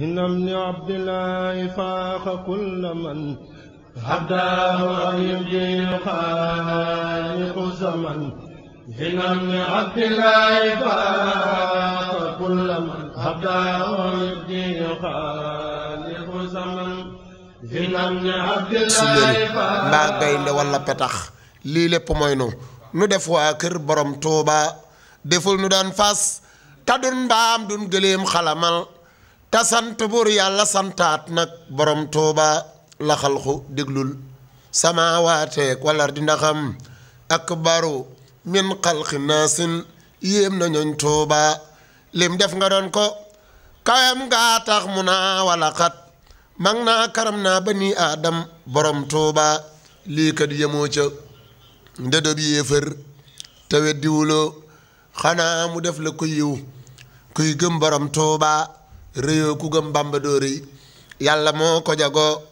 هنا من عبد الله فاق كل من عبداه أن يبدي خالق الزمن هنا من عبد الله فاق كل من عبداه أن يبدي خالق الزمن هنا من عبد الله فاق باغ ولا بتاخ lii lépp mooy nu nu def waa kër borom Touba deful nu daan fas ta dun mbaam dun gëléem xalamal te sant buur yàlla santaat nag borom tuuba la xalqu sama samawaateek walar di ndaxam akbaru min xalqi naasin yéem na ñooñ tuuba lim def nga doon ko kawem ngaa tax mu naa wala xat mag naa karam naa ba bani aadam borom tuuba lii kat yemoo ca ndëdëb yéefër te weddiwuloo xanaa mu def la ko yiw kuy gëm borom tuuba réyoo ku gëm Bàmba doo rëy yàlla moo ko jago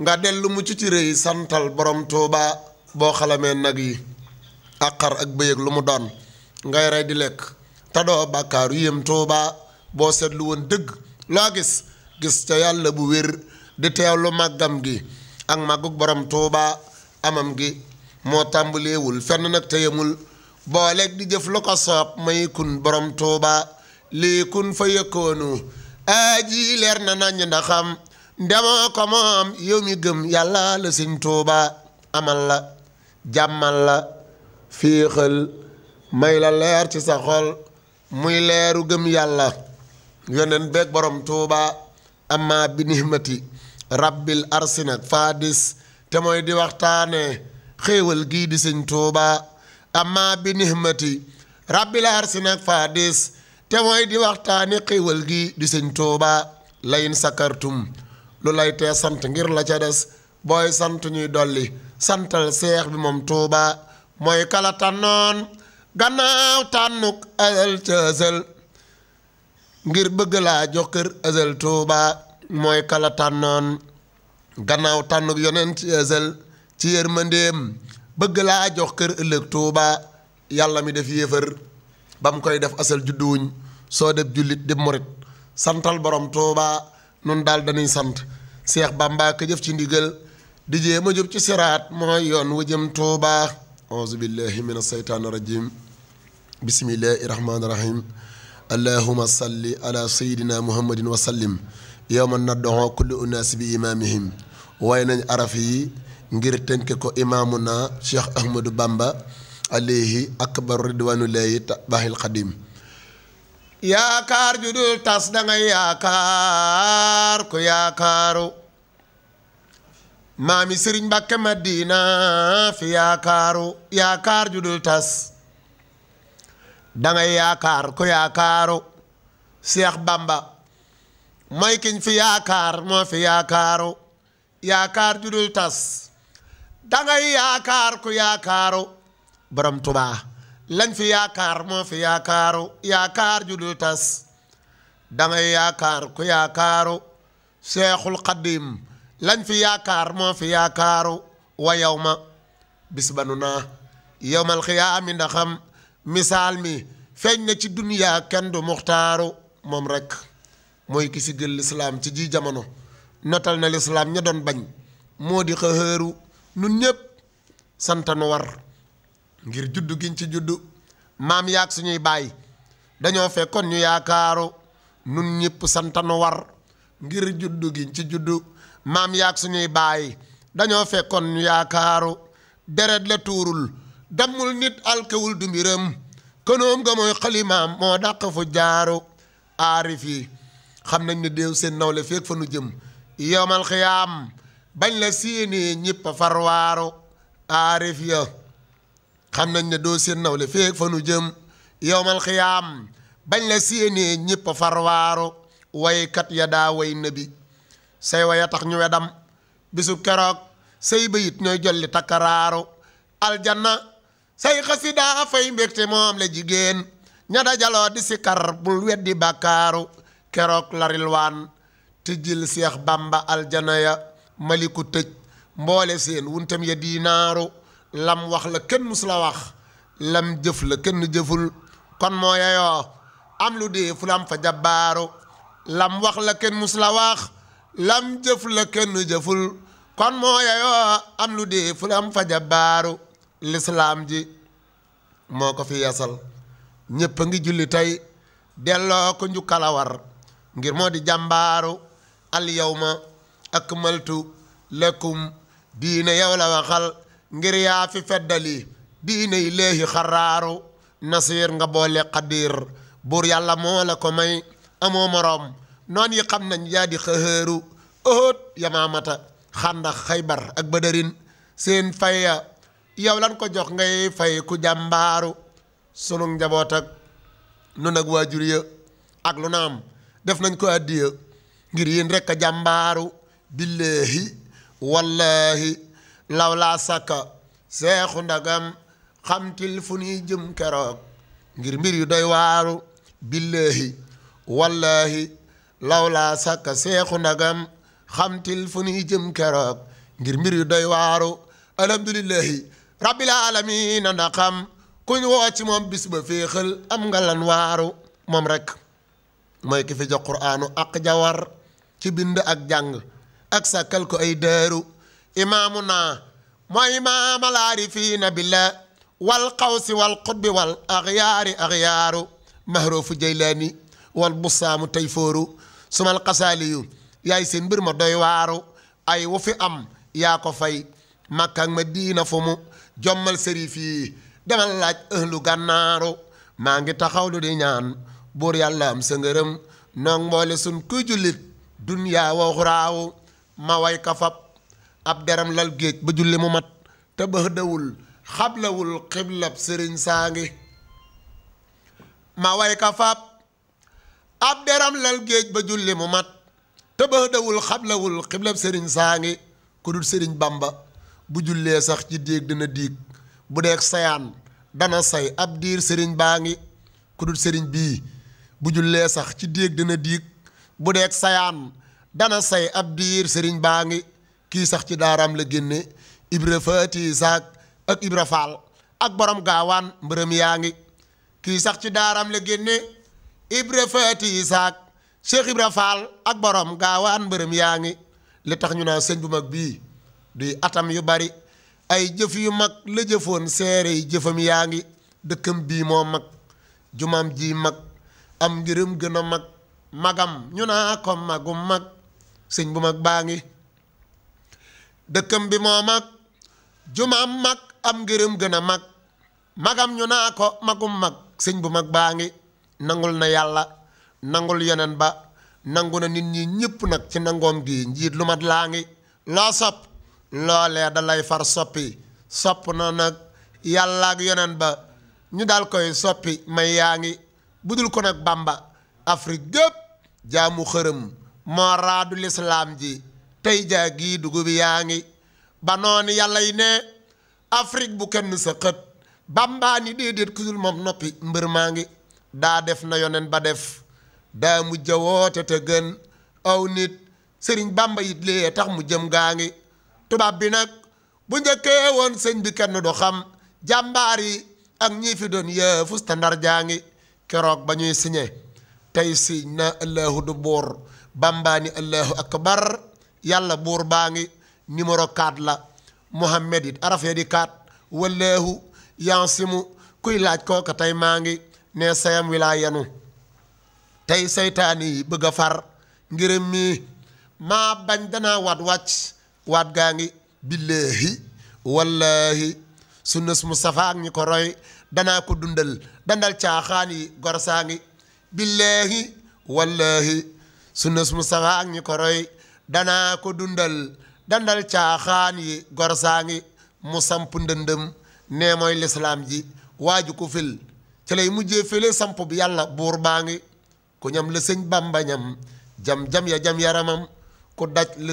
nga dellu mu ci rëy santal borom Tuuba boo xalamee nag yi ak xar ak bëyëg lu mu doon ngay rey di lekk te doo bàkkaaru yéem Tuuba boo seetlu woon dëgg loo gis gis ca yàlla bu wér di teewlu màggam gi ak màggug borom Tuuba amam gi moo tàmbalewul fenn nag te yemul booleeg di jëf lu ko soob may kun borom Tuuba lii kun fa yëkkoonu aji leer na nañ ndaxam ndemoo ko moom yow mi gëm yàlla la sëñ Tuuba amal la jàmmal la fiixal may la leer ci sa xol muy leeru gëm yàlla yonen beeg borom Tuuba amma bi nihmati rabbil arsi te mooy di waxtaane xéewal gii di sëñ Tuuba amma bi nihmati rabbil arsi fadis te mooy di waxtaane xéewal gi di sëñ tuubaa layin sakartum lu lay tee sant ngir la ca des booy sant ñuy dolli santal seex bi moom tuubaa mooy kala tànnoon gannaaw tànnuk ngir bëgg laa gannaaw tànnuk yonent ci azal ci yërmandeem bëgg laa jox kër ëllëg tuubaa yàlla mi def yéefar ba mu koy def asal judduwuñ soo def jullit di murit santal borom tuubaa nun daal dañuy sant seex bàmbaa ka jëf ci ndigal di jéem a jub ci siraat mooy yoon wu jëm tuubaa auzu billahi min aseytaani rajim bismillahi rahmaani allahuma salli ala sayidina muhammadin wa sallim yowma naddoxoo kulli unaasi bi imaamihim waaye nañ araf yi ngir tënke ko imaamu na cheikh ahmadou bamba alayhi akbar ridwanullahi bahil xadim yaakaar ju dul tas da ngay yaakaar ku yaakaaru maami sëriñ Mbàkke Madina fi yaakaaru yaakaar ju dul tas da ngay yaakaar ku yaakaaru Seex Bamba mooy kiñ fi yaakaar moo fi yaakaaru yaakaar ju dul tas da ngay ku yaakaaru borom tubaa lañ fi yaakaar moo fi yaakaaru yaakaar ju dul tas dangay yaakaar ku yaakaaru seexul xaddiim lañ fi yaakaar moo fi yaakaaru wa yow ma bis ba nu naa yowmal xiyaami ndaxam misaal mi feeñ na ci duniyaa kenn du muxtaaru moom rekk mooy ki si gël lislaam ci ji jamono notal na lislaam ña doon bañ moo di xëhëru nun ñépp santanu war ngir juddu giñ ci juddu maam yaag suñuy baay dañoo fekkoon ñu yaakaaru nun ñëpp santanu war ngir juddu giñ ci juddu maam yaag suñuy baay dañoo fekkoon ñu yaakaaru deret la tuurul dammul nit alkewul du mbiram kënoom nga mooy xalimaam moo dàq fu jaaru aarif yi xam nañ ne déew seen nawle feek fanu jëm yowmal xiyaam bañ la séenee ñëpp a farwaaru aarif ya xam nañ ne doo seen nawle feek fa nu jëm yowmal xiyaam bañ la séenee ñëpp farwaaru waykat ya daa way nabi say waya tax ñu wedam bisu keroog say bayit ñooy jolli takkaraaru aljanna say xasidaa fay mbégte moom la jigéen ña dajaloo di sikar bul weddi bàkkaaru keroog larilwaan tëjil seex bàmba aljana ya maliku tëj mboole seen wuntam ya diinaaru lam wax la kenn mus wax lam jëf la kenn jëful kon moo yeyoo am lu dee fu lam fa jabbaaru lam wax la kenn mus wax lam jëf la kenn jëful kon moo yeyoo am lu dee fu lam fa jabbaaru lislaam ji moo ko fi yasal ñëpp a ngi julli tey delloo ko njukkala war ngir moo di jàmbaaru al yawma akmaltu lakum diine yow la waxal ngir yaa fi feddali diine ileehi xaraaru nasiir nga boole xadiir buur yàlla moo la ko may amoo moroom noon yi xam nañ yaa di xëhëru óot yamaamata xàndax xaybar ak bëdërin seen faya yow lan ko jox ngay fay ku jàmbaaru sunu njaboot ak ak waajur ya ak lu na def nañ ko àddiya ngir yéen rekk a jàmbaaru billaahi wallaahi law la sàkka seexu ndagam xamtil fu jëm keroog ngir mbir yu doy waaru billaahi wallaahi law laa sàkka seexu ndagam xamtil fu nuy jëm keroog ngir mbir yu doy waaru alhamdulillahi rabbil aalamiina na xam kuñ moom bis ba féexal am nga waaru moom rek mooy ki fi quraanu ak jawar ci bind ak jàng ak sàkkal ko ay daaru إمامنا وإمام العارفين بالله والقوس والقطب والأغيار أغيار مهروف جيلاني والبصام تيفور ثم القسالي yaay seen mbir ma doy waaru ay wu am yaa ko fay Makka ak Madiina fu mu jommal sërif yi demal laaj ëhlu gànnaaru maa ngi taxawlu di ñaan buur yàlla am sa ngërëm sun kuy jullit dun yaa ma way ka ab deram lal géej ba julli mu mat te ba xiblab sëriñ saa ngi ma way ka géej ba julli mu mat xablawul xiblab sëriñ saa ngi ku sëriñ bamba bu jullee sax ci déeg dina diig bu deeg sayaan dana say ab diir sëriñ baa ngi ku sëriñ bii bu jullee sax ci déeg dina diig bu deeg sayaan dana say ab diir sëriñ baa ngi kii sax ci daaraam la génne ibra faati saak ak ibra ak borom gaawaan mbërëm yaa ngi kii sax ci daaraam la génne ibra faati saak faal ak borom gaawaan mbërëm yaa ngi li tax ñu naa sëñ bu mag bii duy atam yu bari ay jëf yu mag la jëfoon seere yi jëfam yaa ngi dëkkam bii moo mag jumaam ji mag am ngërëm gën a mag magam ñu naa ko magum mag sëñ bu mag baa ngi dëkkam bi moo mag jumaam mag am ngërëm gën a mag magam ñu naa ko magum mag sëñ bu mag baa ngi nangul na yàlla nangul yeneen ba nangu na nit ñi ñëpp nag ci nangoom gi njiit lu mat laa ngi loo sopp loolee da far soppi sopp na nag yàlla ak yeneen ba ñu daal koy soppi may yaa ngi budul ko nag bàmba afrig gépp jaamu xërëm moo raadu lislaam ji tey jaa gii dugub yaa ngi banoon noonu yàlla yi ne Afrique bu kenn sa xët bambaani déedéet ku moom noppi mbër maa ngi daa def na yonen ba def daa mujj woote te gën aw nit sëriñ bàmba yit lee tax mu jëm gaa ngi tubaab bi nag bu njëkkee woon sëñ bi kenn du xam jàmbaar yi ak ñii fi doon yëfu standard jaa ngi keroog ba ñuy siñe tey siiñ na allahu du buur bàmbaani allahu akbar yàlla buur baa ngi numéro 4 la Muhammad it araf ya di 4 wallahu yansimu kuy laaj kooka tey maa ngi ne sayam wi yenu tey seytaane yi bëgg a far ngërëm mii maa bañ danaa waat wàcc waat gaa ngi billaahi wallaahi su mu safa ak ñi ko roy danaa ko dundal dandal caaxaan yi gorsaa ngi billaahi wallaahi su mu safa ak ñi ko roy danaa ko dundal dandal caaxaan yi gorsaa ngi mu samp ndëndam nee mooy lislaam ji waaju ko fil ci lay mujjee file samp bi yàlla buur baa ngi ku ñam la sëñ jam-jam ya jam yaramam ku daj la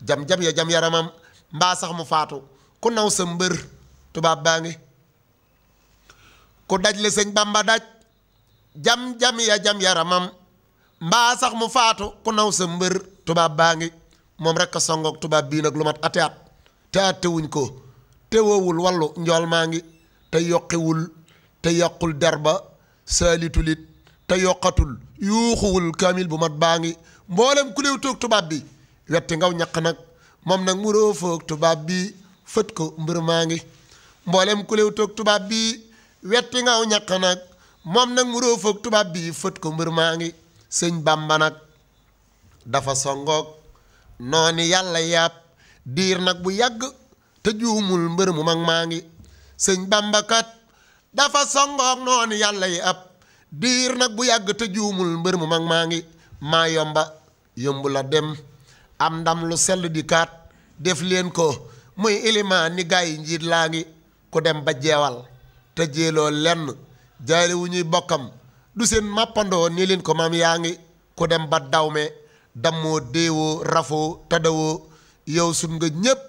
jam-jam jam yaramam mbaa mu faatu ku naw sa mbër tubaab baa ngi ku daj la bàmba daj jam-jam ya jam yaramam mbaa sax mu faatu ku naw sa mbër tubaab baa ngi moom rek a tubaab bii nag lu mat ati at te attewuñ ko te woowul wallu njool maa ngi te yoqiwul te yoqul derba saalitulit te yokkatul yuuxuwul kaamil bu mat baa ngi mboolem ku tubaab bi wetti ngaw ñaq nag moom nag mu roo foog tubaab bi fët ko mbër maa ngi mboolem ku léew toog tubaab bi ngaw ñaq nag moom nag mu tubaab bi fët ko mbër maa ngi sëñ Bàmba nag dafa songoog noonu yàlla yàpp diir nag bu yàgg te juumul mbër mu mag maa ngi sëñ Bàmba dafa songoog noonu yàlla ab diir nag bu yàgg te juumul mbër mu mag maa ngi maa yomba yombu dem am ndam lu sell di kaat def leen ko muy ilimaan ni gaa njiit laa ngi ku dem ba jeewal te jéeloo lenn jaali wu ñuy bokkam du seen màppandoo nii leen ko maam yaa ngi ku dem ba dawme damoo déewoo rafoo tadawoo yow sun nga ñépp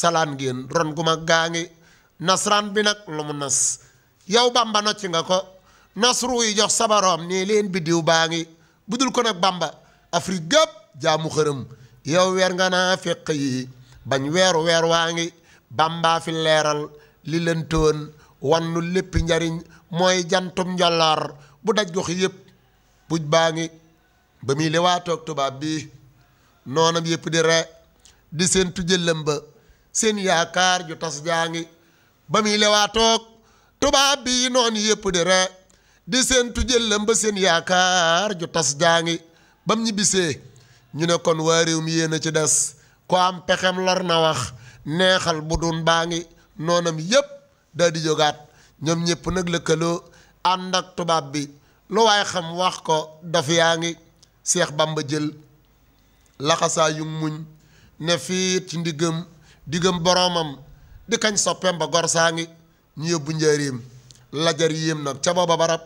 salaan ngeen ron gu gaa ngi nasraan bi nag lu mu nas yow bamba nocc nga ko nasru yi jox sabaroom nii leen biddiw baa ngi bu dul ko nag bàmba afrique gépp jaamu xërëm yow weer nga naa feq yi bañ weeru weer waa ngi bambaa fi leeral li leen wannu lépp njariñ mooy jantum njolloor bu daj gox yëpp buj baa ngi ba muy lewaatoog tubaab bi noonam yëpp di re di seen tujëllam yaakaar ju tas jaa ngi ba muy lewaatoog tubaab bi noonu yëpp di re di seen tujëllam ba seen yaakaar ju tas jaa ngi bam ñu bisee ñu ne kon waa réew mi yéen a ci des ko am pexem lor na wax neexal bu dun baa ngi noonam yëpp daa di jógaat ñoom ñëpp nag lëkkaloo ànd ak tubaab bi lu waaye xam wax ko dof yaa ngi seex bamba jël laxasaa yu muñ ne fii ci ndiggam diggam boroomam di kañ soppeem ba gor saa ngi ñu yóbbu la jar yéem nag ca booba barab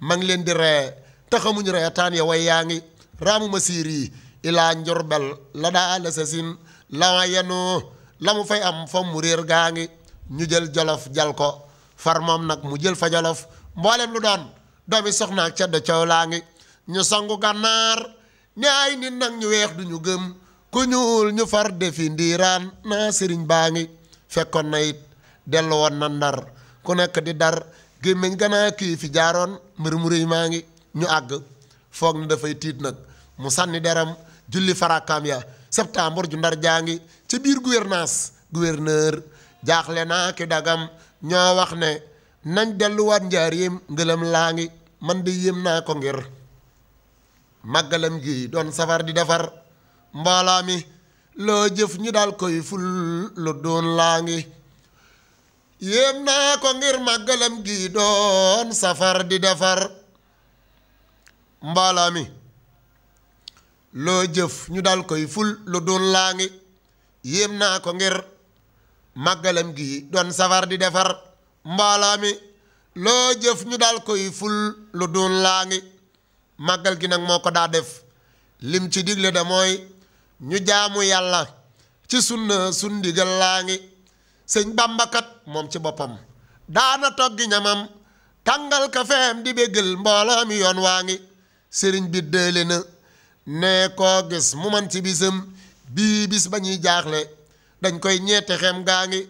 ma leen di ree te xamuñ reetaan ya way yaa ngi raamu ma siir yi ilaa njurbel la daa àll sa sin lama yenoo la mu fay am fam mu réer gaa ngi ñu jël jolof jal ko far moom nag mu jël fa jolof mboolem lu doon doomi soxna ak cedd coow laa ngi ñu sangu gànnaar ne ay nit nag ñu weex du ñu gëm ku ñuul ñu far defi ndiiraan naa sëriñ baa ngi fekkoon na it dellu woon na ndar ku nekk di dar gémmiñ ganaa kii fi jaaroon mbër mu réy maa ngi ñu àgg foog ni dafay tiit nag mu sànni deram julli farakaam ya septembre ju ndar jaa ngi ci biir gouvernance gouverneur jaaxle naa ki dagam ñoo wax ne nañ delluwaat njaareem ngëlam laa ngi man de yéem naa ko ngir màggalam gi doon safar di defar mbooloo mi loo jëf ñu daal koy ful lu doon laa ngi yéem naa ko ngir màggalam gi doon safar defar mbooloo loo jëf ñu daal koy ful doon laa ngi naa ko ngir màggalam gi doon safar di defar mbooloo mi loo jëf ñu daal koy ful lu doon laa ngi màggal gi nag moo ko daa def lim ci digle da mooy ñu jaamu yàlla ci sunna sun digal laa ngi sëñ bàmbakat moom ci boppam daana toggi ñamam tàngal kafeem di béggal mbooloo mi yoon waa ngi sëriñ bi déele na ne koo gis mu man ci bisam bii bis ba ñuy jaaxle dañ koy ñeete xem gaa ngi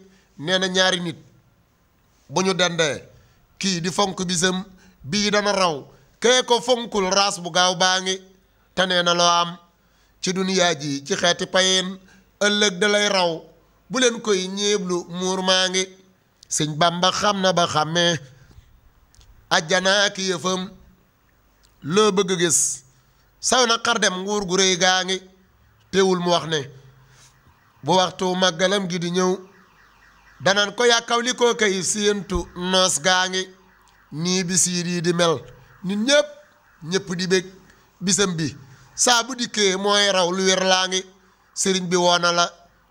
nee na ñaari nit bu ñu dendee kii di fonk bisam bii dana raw kee ko fonkul raas bu gaaw baa ngi te nee na loo am ci duniyaa ji ci xeeti payeen ëllëg da raw bu leen koy ñeeblu muur maa ngi sëñ Bàmba xam na ba xàmmee ajjanaa ak yëfam loo bëgg gis saw na xar dem nguur gu réy gaa ngi teewul mu wax ne bu waxtu màggalam gi di ñëw danaan ko yàkkaw li koo kay séentu gaa ngi nii bi siir yi di mel nit ñëpp ñëpp di bég bisam bi saa bu dikkee mooy raw lu wér laa ngi sëriñ bi woona la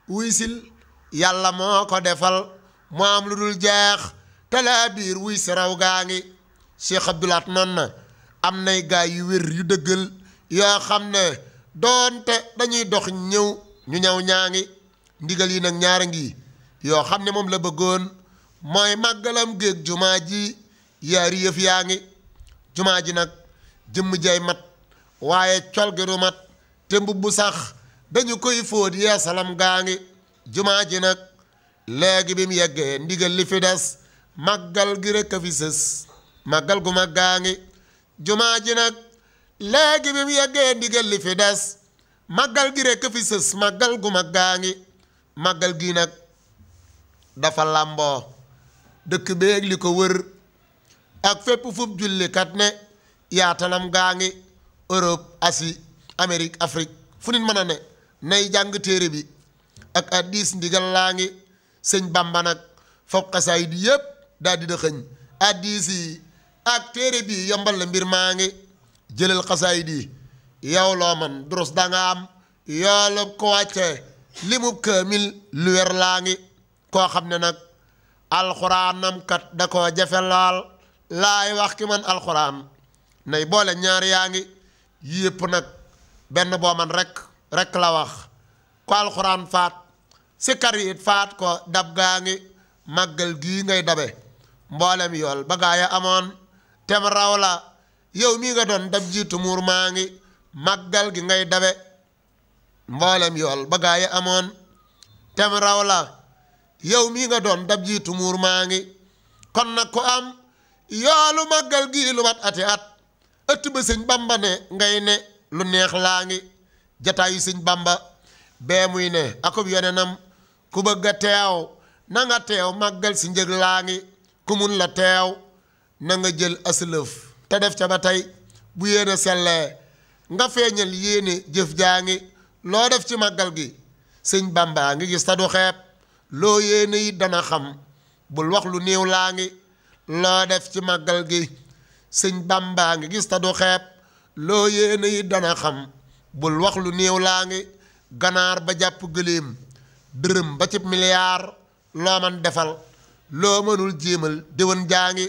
wuy yàlla moo ko defal mu am lu dul jeex talaa biir wuy raw gaa ngi Cheikh Abdoulaat nan na am nay gaa yu wér yu dëggal yoo xam ne doonte dañuy dox ñëw ñu ñaw ñaa ngi ndigal yi nag ñaara ngi yoo xam ne moom la bëggoon mooy màggalam géeg jumaa ji yaari yëf yaa ngi jumaa ji nag jëmm jay mat waaye col gi du mat te mbubb sax dañu koy fóot yeesalam gaa ngi jumaa ji nag léegi bi mu yeggee ndigal li fi des màggal gi rek a fi sës màggal gu gaa ngi màggal gi nag dafa làmboo dëkk beeg li ko wër ak fépp fub jullikat ne yaatanam gaa ngi Europe Asie Amérique Afrique fu nit mën ne nay jàng téere bi ak addis ndigal laa ngi sëñ Bàmba foog xasaayid yépp daal dëxëñ addis ak téere bi yombal la mbir maa ngi jëlal xasaayid yi yow loo man durus danga am yoolu ko wàcce limub kaamil lu laa ngi koo xam ne nag alxuraanam kat da koo jafe lool lay wax ki man alxuraan nay boole ñaar yaa ngi yépp nag benn boo man rekk rek la wax ko alxuraan faat sikkar yi it faat ko dab gaa ngi màggal gii ngay dabe mboolem yool ba amoon tem la yow mii nga doon dab jiitu muur maa ngi màggal gi ngay dabe mboolem yool ba amoon tem raw la yow mii nga doon dab jiitu muur maa ngi kon nag ku am yoolu màggal gii lu mat ati at ëtt ba sëñ bamba ne ngay ne lu neex laa ngi jataayu sëñ bamba bee muy ne akub yeneenam ku bëgg teew na nga teew màggal si njëg laa ngi ku mun la teew na nga jël aslëf te def ca ba tey bu yéene sellee nga feeñal yéene jëf jaa ngi loo def ci màggal gi sëñ bamba ngi gis ta du xeeb loo yéene yi dana xam bul wax lu néew laa ngi loo def ci màggal gi sëñ bàmbaa ngi gis ta du xeeb loo yéene yi dana xam bul wax lu néew laa ngi ganaar ba jàpp gëléem dërëm ba ci milliard loo man defal loo mënul jéemal déwén jaa ngi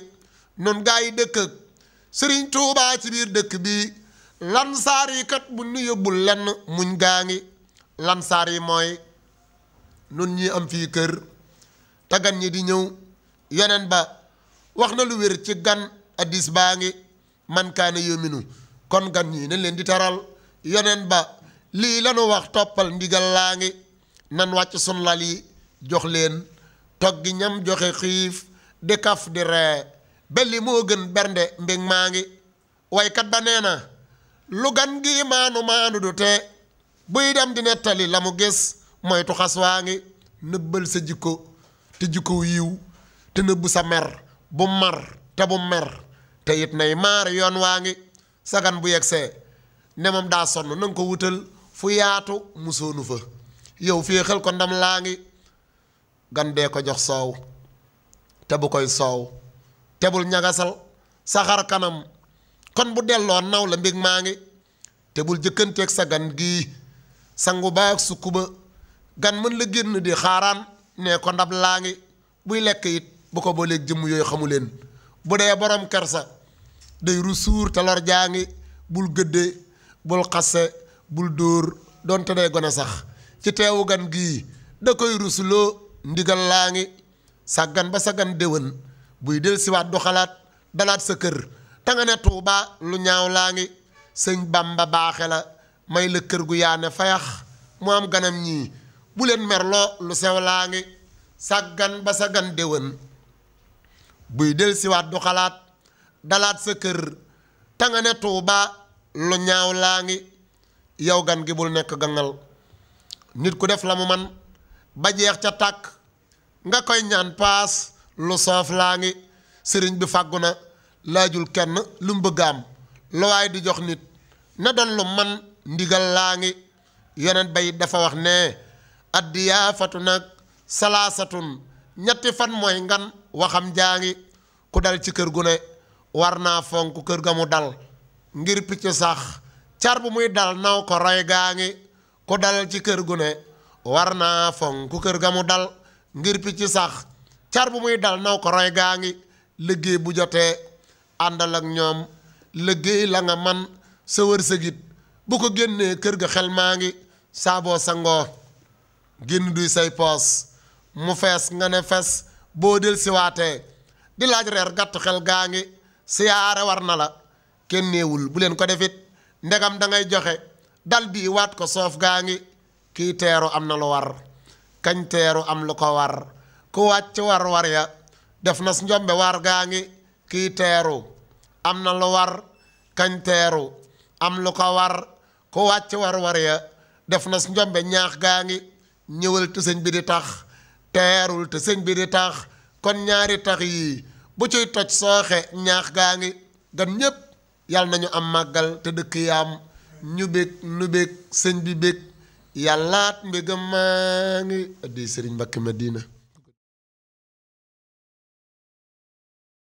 nun gaa yi sëriñ tuubaa ci biir dëkk bi lansaar yi kat bu nu yóbbul lenn muñ gaa ngi lansaar yi mooy nun ñi am fii kër te gan ñi di ñëw yonen ba wax na lu wér ci gan addis baa ngi man kaana yominu kon gan ñi nañ leen di taral yonen ba lii lanu wax toppal ndigal laa ngi nan wàcc sun lal yi jox leen toggi ñam joxe xiif di kaf di ree belli moo gën bernde mbég maa ngi waykat ba nee na lu gan gi maanu maanu du tee buy dem di nettali la mu gis moytu xas waa ngi nëbbal sa jikko te jikko yiw te nëbbu sa mer bu mar te bu mer te it nay maar yoon waa ngi sagan bu yegsee ne moom daa sonn na ko wutal fu yaatu mu soonu fa yow féexal ko ndam laa ngi gan dee ko jox soow te bu koy soow tebul ñagasal saxar kanam kon bu delloo naw la mbig maa ngi te bul jëkkanteeg sa gan gii sangu baak sukku ba gan mën la génn di xaaraan ne ko ndab laa ngi buy lekk it bu ko booleeg jëmm yooyu xamu leen bu dee borom kersa day rusuur te lor jaa ngi bul gëdde bul xasse bul dóor donte day gone sax ci teewu gan gii da koy rusuloo ndigal laa ngi sàggan ba sàggan déwén buy del siwaat du xalaat dalaat sa kër te nga ne tuubaa lu ñaaw laa ngi sëñ ba baaxe la may la kër gu yaane fayax mu am ganam ñii bu leen merloo lu sew laa ngi sàggan ba sàggan déwén buy del siwaat du xalaat dalaat sa kër tanga ne tuubaa lu ñaaw laa ngi yow gan gi bul nekk gangal nit ku def la mu man ba jeex ca tàkk nga koy ñaan paas lu soof laa ngi sëriñ bi fàgguna laajul kenn lu mu bëgg di jox nit na doon lu man ndigal laa ngi yonent bay dafa wax ne addiyaafatu nag salaasatun ñetti fan mooy ngan waxam jaa ngi ku dal ci kër gu ne war naa fonk kër ga mu dal ngir bu muy dal ko roy gaa ngi ku dal ci kër gu war naa fonk kër ga mu dal ngir picc sax car bu muy dal naw ko roy gaa ngi liggéey bu jotee àndal ak ñoom liggéey la nga man sa wërsëgit bu ko génnee kër ga xel maa ngi saaboo sangoo génn duy say poos mu fees nga ne fes boo del siwaatee di laaj gàtt xel gaa ngi siyaare war na la kenn néewul bu leen ko defit ndegam dangay joxe dal di waat ko soof gaa ngi kii teeru am na lu war kañ teeru am lu ko war ku wàcc war war ya def gaa ngi kii am na lu war am lu ko war ku wàcc war war ya ñaax gaa ngi ñëwal te sëñ bi di tax teerul te sëñ bi di tax kon ñaari tax yii bu ciy toj sooxe ñaax gaa ngi gan ñépp yàlla nañu am màggal te dëkk yam ñu bég nu bég sëñ bi bég yàllaat mbégam maa ngi addi sëriñ ma Madina